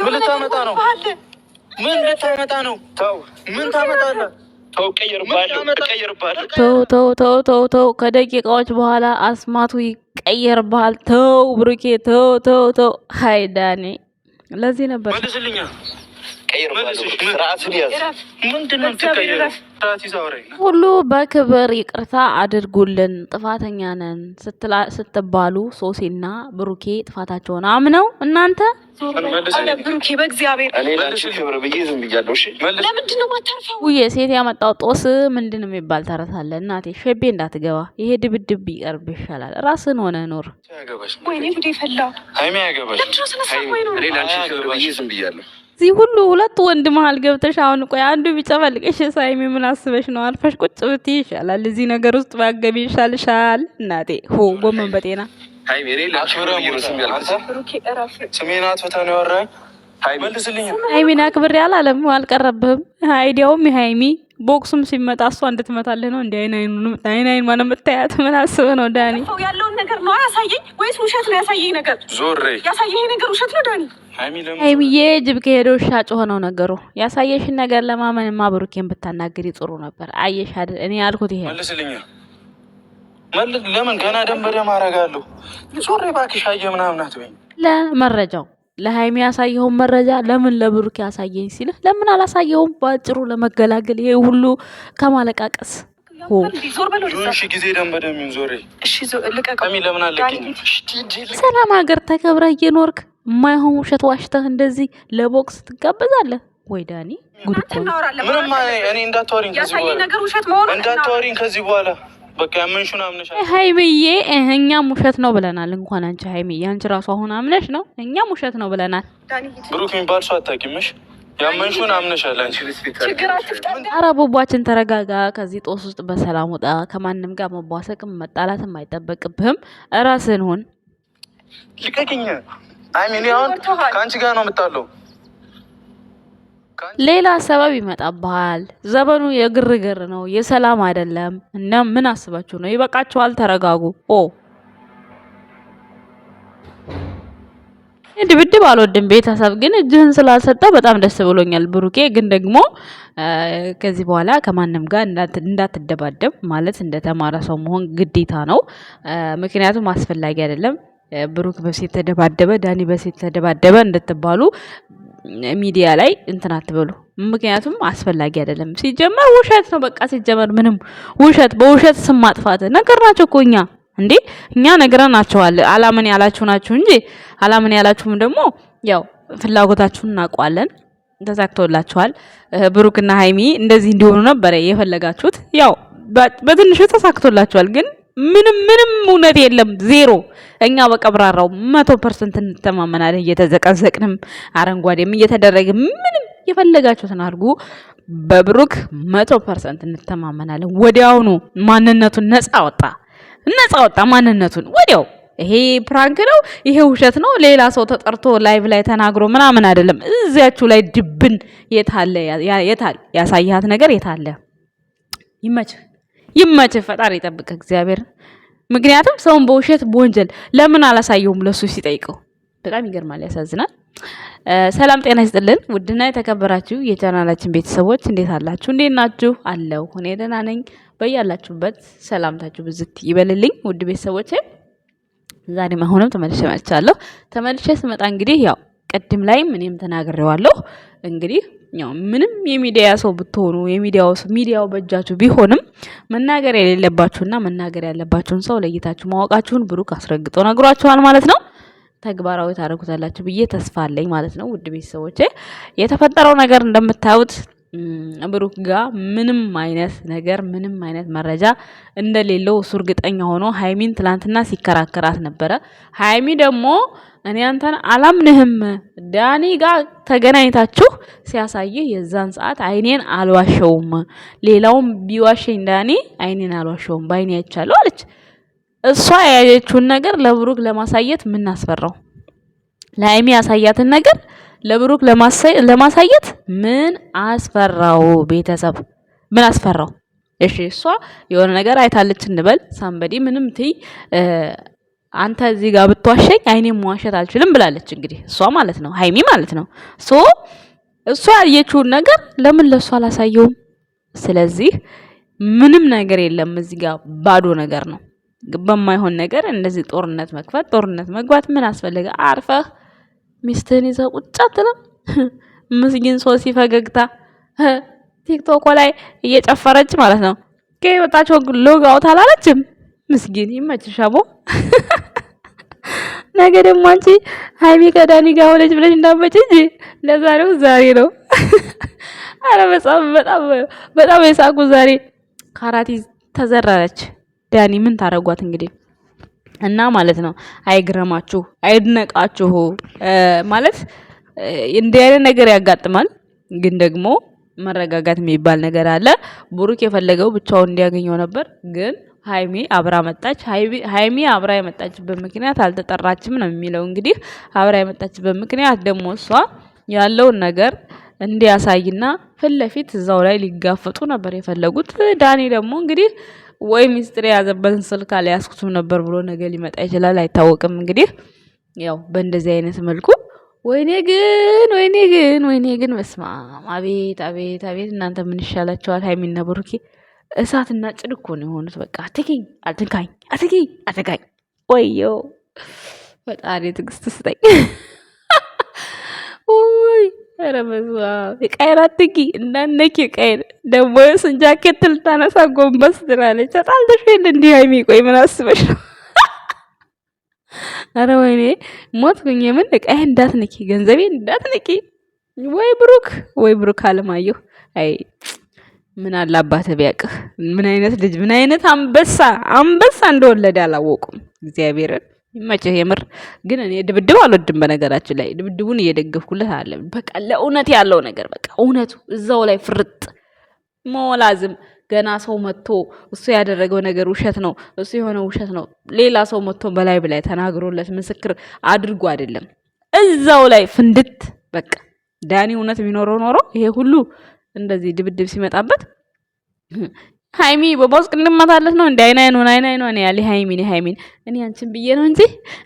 ምን ልታመጣ ነው? ምን ልታመጣ ነው? ተው፣ ምን ታመጣለህ? ተው ተው ተው ተው ተው። ከደቂቃዎች በኋላ አስማቱ ይቀየርብሃል። ተው ብሩኬ፣ ተው ተው ተው። ሀይ ዳኔ፣ ለዚህ ነበር ሁሉ በክብር ይቅርታ አድርጉልን ጥፋተኛ ነን ስትባሉ ሶሲና ብሩኬ ጥፋታቸውን አምነው እናንተ ብሩኬ በእግዚአብሔር ለምንድን ነው የማታርፈው? ሴት ያመጣው ጦስ ምንድን የሚባል ተረት አለ። እናቴ ሸቤ እንዳትገባ፣ ይሄ ድብድብ ቢቀርብ ይሻላል። ራስን ሆነ ኖር። እዚህ ሁሉ ሁለት ወንድ መሀል ገብተሽ አሁን ቆይ አንዱ ቢጨፈልቅሽ ሳይሚ ምን አስበሽ ነው? አልፈሽ ቁጭ ብትይ ይሻላል። እዚህ ነገር ውስጥ ባገቢ ይሻልሻል። እናቴ ሆ ጎመን በጤና ሀይሚን አክብሬ አላለም። አልቀረብህም። አይዲያውም የሀይሚ ቦክሱም ሲመጣ እሷ እንድትመታልህ ነው። እንዲ አይን አይኑ አይን አይን ማነ የምታያት ምን አስብህ ነው ዳኒ? ያለውን ነገር ነው ያሳየኝ ወይስ ውሸት ነው ያሳየኝ ነገር? ዞሬ ያሳየኝ ነገር ውሸት ነው ዳኒ? ሀይሚዬ ጅብ ከሄደው ሻጭ ሆነው ነገሩ። ያሳየሽን ነገር ለማመንማ ብሩኬን ብታናግሪ ጥሩ ነበር። አየሽ አይደል? እኔ ያልኩት ይሄ መልስ ለምን ገና ደንበር ደም ሶሪ እባክሽ አየ ምናምናት ወይ ለመረጃው ለሀይሚ ያሳየውን መረጃ ለምን ለብሩክ ያሳየኝ ሲልህ ለምን አላሳየውም? በአጭሩ ለመገላገል ይሄ ሁሉ ከማለቃቀስ ጊዜ ሰላም ሀገር ተከብረ እየኖርክ የማይሆን ውሸት ዋሽተህ እንደዚህ ለቦክስ ትጋበዛለህ ወይ ዳኒ? ጉድ እኮ ነው። ምንም እኔ እንዳታወሪኝ ከዚህ በኋላ ሀይሚዬ እኛም ውሸት ነው ብለናል። እንኳን አንቺ ሀይሚዬ አንቺ ራሱ አሁን አምነሽ ነው እኛም ውሸት ነው ብለናል። ብሩክ የሚባል ሰው አታውቂምሽ። ያመንሹን ቦቧችን ተረጋጋ፣ ከዚህ ጦስ ውስጥ በሰላም ወጣ። ከማንም ጋር መቧሰቅም መጣላትም አይጠበቅብህም። ራስህን ሁን። ልቀቅኝ። አይ አሁን ከአንቺ ጋር ነው የምጣለው ሌላ ሰበብ ይመጣብሃል። ዘመኑ የግርግር ነው፣ የሰላም አይደለም። እና ምን አስባችሁ ነው? ይበቃችኋል፣ ተረጋጉ። ኦ ድብድብ አልወድም። ቤተሰብ ግን እጅህን ስላልሰጠ በጣም ደስ ብሎኛል። ብሩኬ ግን ደግሞ ከዚህ በኋላ ከማንም ጋር እንዳትደባደብ ማለት እንደተማረ ሰው መሆን ግዴታ ነው። ምክንያቱም አስፈላጊ አይደለም። ብሩክ በሴት ተደባደበ፣ ዳኒ በሴት ተደባደበ እንድትባሉ ሚዲያ ላይ እንትን አትበሉ። ምክንያቱም አስፈላጊ አይደለም። ሲጀመር ውሸት ነው በቃ ሲጀመር ምንም ውሸት በውሸት ስም ማጥፋት ነገር ናቸው እኮ እኛ እንዴ እኛ ነግረናቸዋል። አላምን ያላችሁ ናችሁ እንጂ አላምን ያላችሁም ደግሞ ያው ፍላጎታችሁን እናውቋለን። ተሳክቶላችኋል። ብሩክና ሀይሚ እንደዚህ እንዲሆኑ ነበረ የፈለጋችሁት። ያው በትንሹ ተሳክቶላችኋል ግን ምንም ምንም እውነት የለም ዜሮ። እኛ በቀብራራው መቶ ፐርሰንት እንተማመናለን። እየተዘቀዘቅንም አረንጓዴም እየተደረገ ምንም የፈለጋችሁትን አድርጉ። በብሩክ መቶ ፐርሰንት እንተማመናለን። ወዲያውኑ ማንነቱን ነፃ ወጣ፣ ነፃ ወጣ ማንነቱን ወዲያው ይሄ ፕራንክ ነው፣ ይሄ ውሸት ነው፣ ሌላ ሰው ተጠርቶ ላይቭ ላይ ተናግሮ ምናምን አይደለም። እዚያችሁ ላይ ድብን የታለ ያሳያት ነገር የታለ ይመችህ። ይመች፣ ፈጣሪ ይጠብቅ እግዚአብሔር። ምክንያቱም ሰውን በውሸት በወንጀል ለምን አላሳየውም ለሱ ሲጠይቀው በጣም ይገርማል፣ ያሳዝናል። ሰላም ጤና ይስጥልን። ውድና የተከበራችሁ የቻናላችን ቤተሰቦች እንዴት አላችሁ? እንዴት ናችሁ? አለው እኔ ደህና ነኝ። በያላችሁበት ሰላምታችሁ ብዝት ይበልልኝ። ውድ ቤተሰቦች ዛሬም አሁንም ተመልሼ መጥቻለሁ። ተመልሼ ስመጣ እንግዲህ ያው ቅድም ላይ እኔም ተናግሬዋለሁ። እንግዲህ ያው ምንም የሚዲያ ሰው ብትሆኑ የሚዲያው ሚዲያው በእጃችሁ ቢሆንም መናገር የሌለባችሁና መናገር ያለባችሁን ሰው ለይታችሁ ማወቃችሁን ብሩክ አስረግጦ ነግሯችኋል ማለት ነው። ተግባራዊ ታደርጉታላችሁ ብዬ ተስፋ አለኝ ማለት ነው። ውድ ቤተሰቦቼ የተፈጠረው ነገር እንደምታዩት ብሩክ ጋ ምንም አይነት ነገር ምንም አይነት መረጃ እንደሌለው እሱ እርግጠኛ ሆኖ ሀይሚን ትላንትና ሲከራከራት ነበረ። ሀይሚ ደግሞ እኔ አንተን አላምንህም ዳኒ ጋ ተገናኝታችሁ ሲያሳይህ የዛን ሰዓት አይኔን አልዋሸውም፣ ሌላውም ቢዋሸኝ ዳኒ አይኔን አልዋሸውም፣ በአይኔ ያቻለሁ አለች። እሷ የያዘችውን ነገር ለብሩክ ለማሳየት ምን አስፈራው? ለሀይሚ ያሳያትን ነገር ለብሩክ ለማሳየት ምን አስፈራው? ቤተሰብ ምን አስፈራው? እሺ እሷ የሆነ ነገር አይታለች እንበል፣ ሳምበዲ ምንም ትይ አንተ እዚህ ጋር ብትዋሸኝ አይኔ መዋሸት አልችልም ብላለች። እንግዲህ እሷ ማለት ነው ሀይሚ ማለት ነው። ሶ እሷ ያየችውን ነገር ለምን ለእሷ አላሳየውም? ስለዚህ ምንም ነገር የለም እዚህ ጋር ባዶ ነገር ነው። በማይሆን ነገር እንደዚህ ጦርነት መክፈት ጦርነት መግባት ምን አስፈለገ? አርፈህ ሚስትህን ይዘ ቁጭ አትልም? ምስጊን ሶሲ ፈገግታ ቲክቶክ ላይ እየጨፈረች ማለት ነው። ከህይወታቸው ሎግ አውት አላለችም። ምስጊን ይመችሽ አቦ። ነገ ደግሞ አንቺ ሀይሚ ከዳኒ ጋር ሆነች ብለሽ እንዳመጭ እንጂ ለዛሬው ዛሬ ነው። አረ በጣም በጣም በጣም የሳቁ ዛሬ። ካራቲ ተዘረረች። ዳኒ ምን ታረጓት እንግዲህ እና ማለት ነው አይግረማችሁ፣ አይድነቃችሁ ማለት እንዲህ አይነት ነገር ያጋጥማል። ግን ደግሞ መረጋጋት የሚባል ነገር አለ። ብሩክ የፈለገው ብቻውን እንዲያገኘው ነበር ግን ሀይሚ አብራ መጣች። ሀይሚ አብራ የመጣችበት ምክንያት አልተጠራችም ነው የሚለው። እንግዲህ አብራ የመጣችበት ምክንያት ደግሞ እሷ ያለውን ነገር እንዲያሳይና ፊት ለፊት እዛው ላይ ሊጋፈጡ ነበር የፈለጉት። ዳኒ ደግሞ እንግዲህ ወይ ሚስጥር የያዘበትን ስልክ አልያዝኩትም ነበር ብሎ ነገ ሊመጣ ይችላል፣ አይታወቅም። እንግዲህ ያው በእንደዚህ አይነት መልኩ ወይኔ ግን ወይኔ ግን ወይኔ ግን በስማ አቤት አቤት አቤት እናንተ ምን ይሻላቸዋል? ሀይሚና ብሩኬ እሳትና ጭድ እኮ ነው የሆኑት። በቃ አትኪኝ፣ አትንካኝ፣ አትኪኝ፣ አትጋኝ። ወየው ፈጣሪ ትዕግስት ስጠኝ። ኧረ በስመአብ ቃይር አትጊ እንዳነኪ ቃይር ደግሞ ስን ጃኬት ልታነሳ ጎንበስ ትላለች። ተጣልተሽ የለ እንዲህ ሀይሚ ቆይ ምን አስበሽ ነው? ኧረ ወይኔ ሞትኩኝ። የምን ቃይ እንዳትነኪ ገንዘቤ እንዳትነኪ። ወይ ብሩክ ወይ ብሩክ አለማየሁ አይ ምን አለ አባትህ ቢያቅህ። ምን አይነት ልጅ ምን አይነት አንበሳ አንበሳ እንደወለደ አላወቁም እግዚአብሔርን ይመችህ። የምር ግን እኔ ድብድብ አልወድም። በነገራችን ላይ ድብድቡን እየደገፍኩለት አለ። በቃ ለእውነት ያለው ነገር በቃ እውነቱ እዛው ላይ ፍርጥ መላዝም ገና ሰው መጥቶ እሱ ያደረገው ነገር ውሸት ነው፣ እሱ የሆነ ውሸት ነው፣ ሌላ ሰው መጥቶ በላይ ብላይ ተናግሮለት ምስክር አድርጎ አይደለም እዛው ላይ ፍንድት። በቃ ዳኒ እውነት የሚኖረው ኖሮ ይሄ ሁሉ እንደዚህ ድብድብ ሲመጣበት ሃይሚ በቦስ ውስጥ ነው እንዴ? አይና አይኑን አይና አይኑን ያለ ሃይሚን ሃይሚን እኔ አንቺን ብዬ ነው እንጂ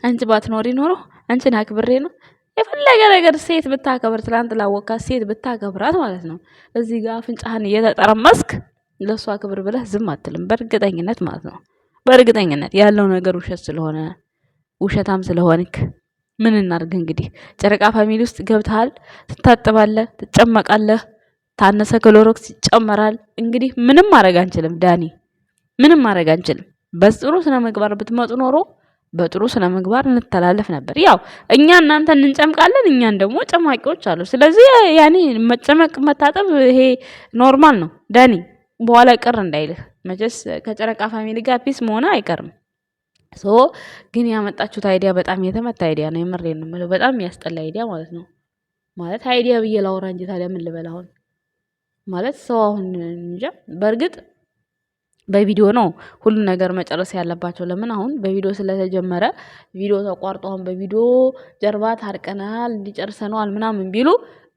አንቺ ባትኖሪ ኖሮ አንቺን አክብሬ ነው። የፈለገ ነገር ሴት ብታከብር፣ ትላንት ላወካ ሴት ብታከብራት ማለት ነው። እዚህ ጋር አፍንጫህን እየተጠረመስክ ለሷ ክብር ብለህ ዝም አትልም። በእርግጠኝነት ማለት ነው። በእርግጠኝነት ያለው ነገር ውሸት ስለሆነ ውሸታም ስለሆንክ ምን እናድርግ እንግዲህ። ጨረቃ ፋሚሊ ውስጥ ገብተሃል። ትታጥባለህ፣ ትጨመቃለህ ታነሰ ክሎሮክስ ይጨመራል። እንግዲህ ምንም ማድረግ አንችልም ዳኒ፣ ምንም ማድረግ አንችልም። በጥሩ ስነ ምግባር ብትመጡ ኖሮ በጥሩ ስነ ምግባር እንተላለፍ ነበር። ያው እኛ እናንተ እንጨምቃለን፣ እኛን ደግሞ ጨማቂዎች አሉ። ስለዚህ ያኔ መጨመቅ መታጠብ ይሄ ኖርማል ነው ዳኒ። በኋላ ቅር እንዳይልህ መቼስ ከጨረቃ ፋሚሊ ጋር ፒስ መሆነ አይቀርም። ሶ ግን ያመጣችሁት አይዲያ በጣም የተመታ አይዲያ ነው። የምሬን ነው የምለው። በጣም የሚያስጠላ አይዲያ ማለት ነው። ማለት አይዲያ ብዬ ላውራ እንጂ ታዲያ ምን ልበል አሁን ማለት ሰው አሁን እንጃ በእርግጥ በቪዲዮ ነው ሁሉ ነገር መጨረስ ያለባቸው። ለምን አሁን በቪዲዮ ስለተጀመረ ቪዲዮ ተቋርጦ አሁን በቪዲዮ ጀርባ ታርቀናል እንዲጨርሰነዋል ምናምን ቢሉ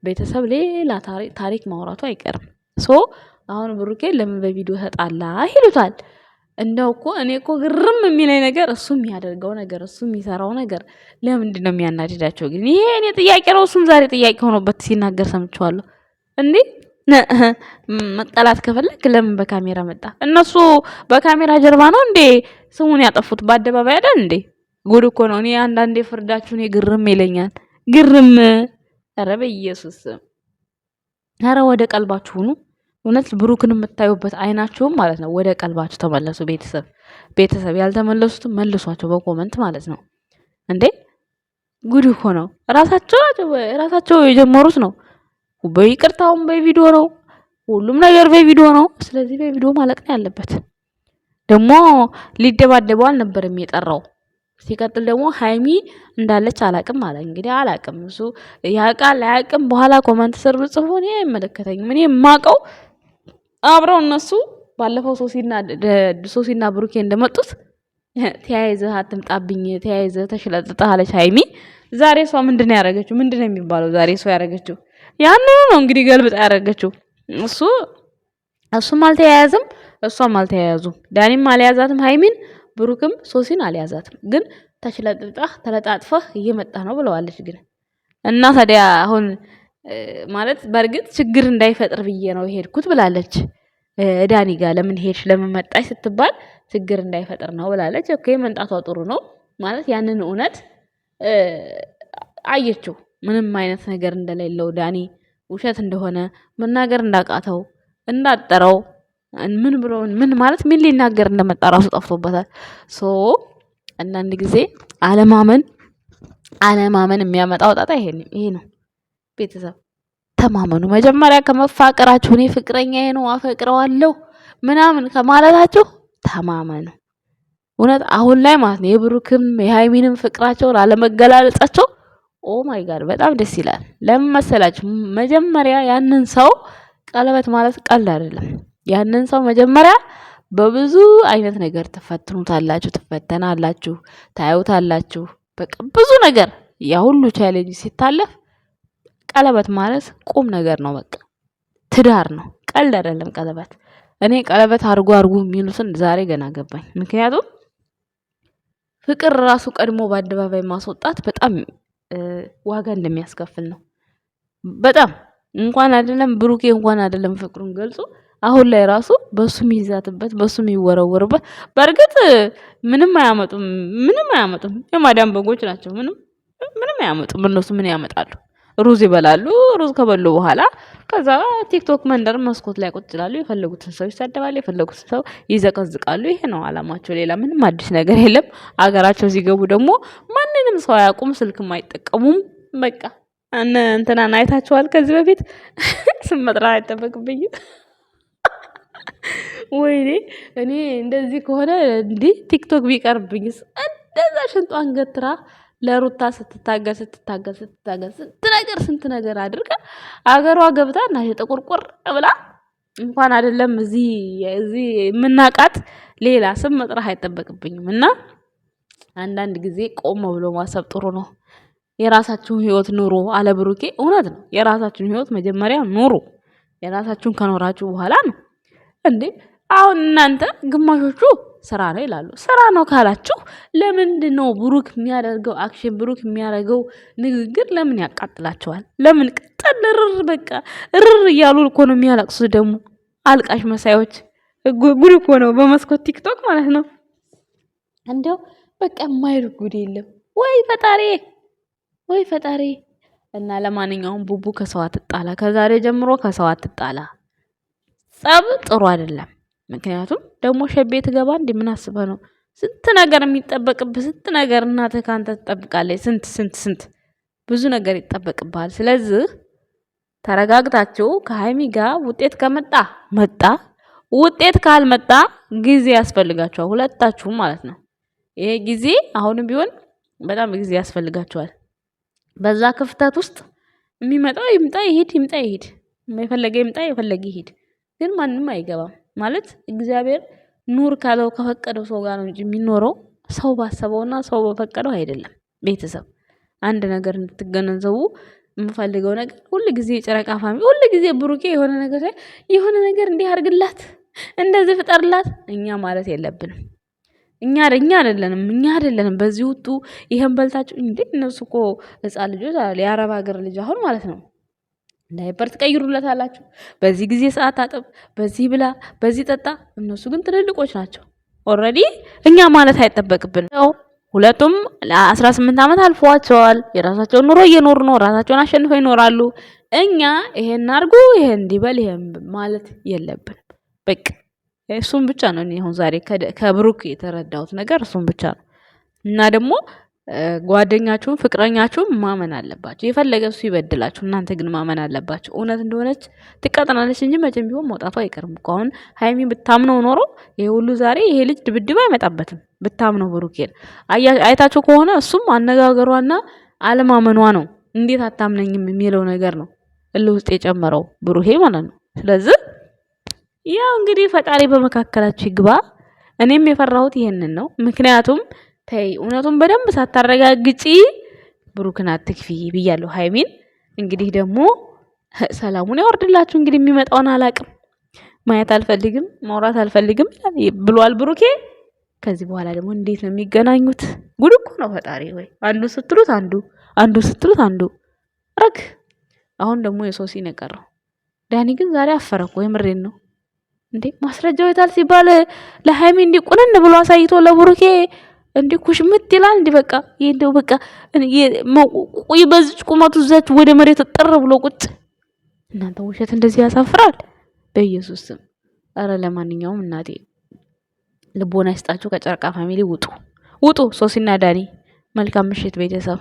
ቤተሰብ ሌላ ታሪክ ማውራቱ አይቀርም። ሶ አሁን ብሩኬ ለምን በቪዲዮ ተጣላ ይሉታል። እንደው እኮ እኔ እኮ ግርም የሚለኝ ነገር እሱ የሚያደርገው ነገር እሱ የሚሰራው ነገር ለምንድን ነው የሚያናድዳቸው? ግን ይሄ እኔ ጥያቄ ነው። እሱም ዛሬ ጥያቄ ሆኖበት ሲናገር ሰምቼዋለሁ እንዴ መጠላት ከፈለክ ለምን በካሜራ መጣ? እነሱ በካሜራ ጀርባ ነው እንዴ ስሙን ያጠፉት? በአደባባይ አይደል እንዴ? ጉድ እኮ ነው። እኔ አንዳንዴ ፍርዳችሁን ግርም ይለኛል። ግርም ኧረ በኢየሱስ ኧረ ወደ ቀልባችሁ ሁኑ። እውነት ብሩክን የምታዩበት አይናችሁም ማለት ነው። ወደ ቀልባችሁ ተመለሱ። ቤተሰብ ቤተሰብ ያልተመለሱትም መልሷቸው በኮመንት ማለት ነው። እንዴ ጉድ እኮ ነው። ራሳቸው ራሳቸው የጀመሩት ነው። በይቅርታውም በቪዲዮ ነው። ሁሉም ነገር በቪዲዮ ነው። ስለዚህ በቪዲዮ ማለቅ ነው ያለበት። ደግሞ ሊደባደበው አልነበረም የጠራው። ሲቀጥል ደግሞ ሀይሚ እንዳለች አላቅም አለ። እንግዲህ አላቅም እሱ ያውቃል አያውቅም። በኋላ ኮመንት ስር ጽፎ እኔ አይመለከተኝም። እኔ የማውቀው አብረው እነሱ ባለፈው ሶሲና ብሩኬ እንደመጡት ተያይዘህ አትምጣብኝ፣ ተያይዘህ ተሽለጥጠህ አለች ሀይሚ። ዛሬ እሷ ምንድን ነው ያደረገችው? ምንድን ነው የሚባለው ዛሬ እሷ ያደረገችው? ያንኑ ነው እንግዲህ ገልብጣ ያደረገችው። እሱ እሱም አልተያያዝም፣ እሷም አልተያያዙም። ዳኒም አልያዛትም ሀይሚን፣ ብሩክም ሶሲን አልያዛትም። ግን ተችለጥጣህ ተለጣጥፈህ እየመጣ ነው ብለዋለች። ግን እና ታዲያ አሁን ማለት በእርግጥ ችግር እንዳይፈጥር ብዬ ነው የሄድኩት ብላለች። ዳኒ ጋር ለምን ሄድሽ ለምን መጣሽ ስትባል ችግር እንዳይፈጥር ነው ብላለች። ኦኬ መንጣቷ ጥሩ ነው ማለት ያንን እውነት አየችው። ምንም አይነት ነገር እንደሌለው ዳኒ ውሸት እንደሆነ መናገር እንዳቃተው እንዳጠረው ምን ብሎ ምን ማለት ምን ሊናገር እንደመጣ ራሱ ጠፍቶበታል። ሶ አንዳንድ ጊዜ አለማመን አለማመን የሚያመጣው ጣጣ ይሄ ይሄ ነው። ቤተሰብ ተማመኑ። መጀመሪያ ከመፋቀራችሁ እኔ ፍቅረኛ ነው አፈቅረዋለሁ ምናምን ከማለታችሁ ተማመኑ። እውነት አሁን ላይ ማለት ነው የብሩክም የሃይሚንም ፍቅራቸውን አለመገላለጻቸው ኦ ማይ ጋድ በጣም ደስ ይላል። ለምን መሰላችሁ? መጀመሪያ ያንን ሰው ቀለበት ማለት ቀልድ አይደለም። ያንን ሰው መጀመሪያ በብዙ አይነት ነገር ትፈትኑታላችሁ፣ ትፈተናላችሁ፣ ታዩታላችሁ። በቃ ብዙ ነገር ያ ሁሉ ቻሌንጅ ሲታለፍ ቀለበት ማለት ቁም ነገር ነው። በቃ ትዳር ነው፣ ቀልድ አይደለም ቀለበት። እኔ ቀለበት አርጉ አርጉ የሚሉትን ዛሬ ገና ገባኝ። ምክንያቱም ፍቅር ራሱ ቀድሞ በአደባባይ ማስወጣት በጣም ዋጋ እንደሚያስከፍል ነው። በጣም እንኳን አይደለም ብሩኬ እንኳን አይደለም ፍቅሩን ገልጾ አሁን ላይ ራሱ በሱ የሚዛትበት በሱ የሚወረወርበት በእርግጥ ምንም አያመጡም፣ ምንም አያመጡም። የማዳም በጎች ናቸው። ምንም ምንም አያመጡም። እነሱ ምን ያመጣሉ? ሩዝ ይበላሉ። ሩዝ ከበሉ በኋላ ከዛ ቲክቶክ መንደር መስኮት ላይ ቁጭ ይላሉ። የፈለጉትን ሰው ይሳደባሉ፣ የፈለጉትን ሰው ይዘቀዝቃሉ። ይሄ ነው አላማቸው። ሌላ ምንም አዲስ ነገር የለም። አገራቸው ሲገቡ ደግሞ ማንንም ሰው አያውቁም፣ ስልክም አይጠቀሙም። በቃ እንትናን አይታችኋል። ከዚህ በፊት ስም መጥራት አይጠበቅብኝም። ወይኔ እኔ እንደዚህ ከሆነ እንዲህ ቲክቶክ ቢቀርብኝስ? እንደዛ ሽንጧን ገትራ ለሩታ ስትታገል ስትታገል ስትታገል ስንት ነገር ስንት ነገር አድርጋ አገሯ ገብታ እና የጠቁርቁር ብላ እንኳን አይደለም እዚህ እዚህ የምናቃት ሌላ ስም መጥራህ አይጠበቅብኝም። እና አንዳንድ ጊዜ ቆም ብሎ ማሰብ ጥሩ ነው። የራሳችሁን ህይወት ኑሩ አለ ብሩኬ። እውነት ነው። የራሳችሁን ህይወት መጀመሪያ ኑሩ። የራሳችሁን ከኖራችሁ በኋላ ነው እንዴ አሁን እናንተ ግማሾቹ ስራ ነው ይላሉ። ስራ ነው ካላችሁ ለምንድን ነው ብሩክ የሚያደርገው አክሽን ብሩክ የሚያደርገው ንግግር ለምን ያቃጥላቸዋል? ለምን ቅጠል ርር በቃ ርር እያሉ እኮ ነው የሚያለቅሱ። ደግሞ አልቃሽ መሳዮች ጉድ እኮ ነው በመስኮት ቲክቶክ ማለት ነው። እንደው በቃ የማይሉ ጉድ የለም። ወይ ፈጣሪ፣ ወይ ፈጣሪ። እና ለማንኛውም ቡቡ ከሰው አትጣላ፣ ከዛሬ ጀምሮ ከሰው አትጣላ። ጸብ ጥሩ አይደለም። ምክንያቱም ደግሞ ሸቤ ትገባ እንዲ ምን ነው? ስንት ነገር የሚጠበቅብህ ስንት ነገር እናትህ ከአንተ ትጠብቃለች። ስንት ስንት ስንት ብዙ ነገር ይጠበቅብሃል። ስለዚህ ተረጋግታችሁ ከሀይሚ ጋር ውጤት ከመጣ መጣ፣ ውጤት ካልመጣ ጊዜ ያስፈልጋችኋል፣ ሁለታችሁም ማለት ነው። ይሄ ጊዜ አሁንም ቢሆን በጣም ጊዜ ያስፈልጋችኋል። በዛ ክፍተት ውስጥ የሚመጣው ይምጣ ይሄድ፣ ይምጣ ይሄድ፣ የፈለገ ይምጣ የፈለገ ይሄድ፣ ግን ማንም አይገባም። ማለት እግዚአብሔር ኑር ካለው ከፈቀደው ሰው ጋር ነው እንጂ የሚኖረው ሰው ባሰበውና ሰው በፈቀደው አይደለም። ቤተሰብ አንድ ነገር እንድትገነዘቡ የምፈልገው ነገር ሁል ጊዜ የጨረቃ ፋሚ ሁል ጊዜ ብሩኬ የሆነ ነገር የሆነ ነገር እንዲህ አርግላት፣ እንደዚህ ፍጠርላት እኛ ማለት የለብንም። እኛ እኛ አይደለንም እኛ አይደለንም። በዚህ ውጡ፣ ይሄን በልታችሁ እንዴ! እነሱ እኮ ህፃን ልጆች የአረብ ሀገር ልጅ አሁን ማለት ነው እንዳይበር ትቀይሩለት አላችሁ። በዚህ ጊዜ ሰዓት አጥብ፣ በዚህ ብላ፣ በዚህ ጠጣ። እነሱ ግን ትልልቆች ናቸው ኦልሬዲ። እኛ ማለት አይጠበቅብን ነው። ሁለቱም ለአስራ ስምንት ዓመት አልፏቸዋል። የራሳቸውን ኑሮ እየኖሩ ነው። ራሳቸውን አሸንፈው ይኖራሉ። እኛ ይሄን አድርጉ፣ ይሄን እንዲበል፣ ይሄን ማለት የለብን። በቃ እሱም ብቻ ነው። አሁን ዛሬ ከብሩክ የተረዳሁት ነገር እሱም ብቻ ነው እና ደግሞ ጓደኛችሁም ፍቅረኛችሁም ማመን አለባችሁ። የፈለገ እሱ ይበድላችሁ፣ እናንተ ግን ማመን አለባችሁ። እውነት እንደሆነች ትቀጥናለች እንጂ መቼም ቢሆን መውጣቱ አይቀርም እኮ። አሁን ሀይሚ ብታምነው ኖሮ ይሄ ሁሉ ዛሬ ይሄ ልጅ ድብድብ አይመጣበትም። ብታምነው ብሩኬን አይታችሁ ከሆነ እሱም አነጋገሯና አለማመኗ ነው። እንዴት አታምነኝም የሚለው ነገር ነው እልህ ውስጥ የጨመረው ብሩሄ ማለት ነው። ስለዚህ ያው እንግዲህ ፈጣሪ በመካከላችሁ ይግባ። እኔም የፈራሁት ይሄንን ነው። ምክንያቱም ተይ እውነቱን በደንብ ሳታረጋግጪ ብሩክን አትክፊ ብያለሁ ሀይሚን። እንግዲህ ደግሞ ሰላሙን ያወርድላችሁ። እንግዲህ የሚመጣውን አላቅም፣ ማየት አልፈልግም፣ ማውራት አልፈልግም ብሏል ብሩኬ። ከዚህ በኋላ ደግሞ እንዴት ነው የሚገናኙት? ጉድ እኮ ነው ፈጣሪ። ወይ አንዱ ስትሉት አንዱ አንዱ ስትሉት አንዱ ረግ። አሁን ደግሞ የሶሲ የቀረው ዳኒ ግን ዛሬ አፈረኩ። የምሬን ነው እንዴ ማስረጃው የታል ሲባል ለሀይሚ እንዲቁንን ብሎ አሳይቶ ለቡሩኬ እንዴ ኩሽምት ይላል። እንዴ በቃ ይሄ በቃ በዚች ቁመቱ እዛች ወደ መሬት ጥር ብሎ ቁጭ። እናንተ ውሸት እንደዚህ ያሳፍራል። በኢየሱስ ስም አረ፣ ለማንኛውም እናቴ ልቦና ይስጣችሁ። ከጨረቃ ፋሚሊ ውጡ፣ ውጡ። ሶሲና ዳኒ መልካም ምሽት ቤተሰብ።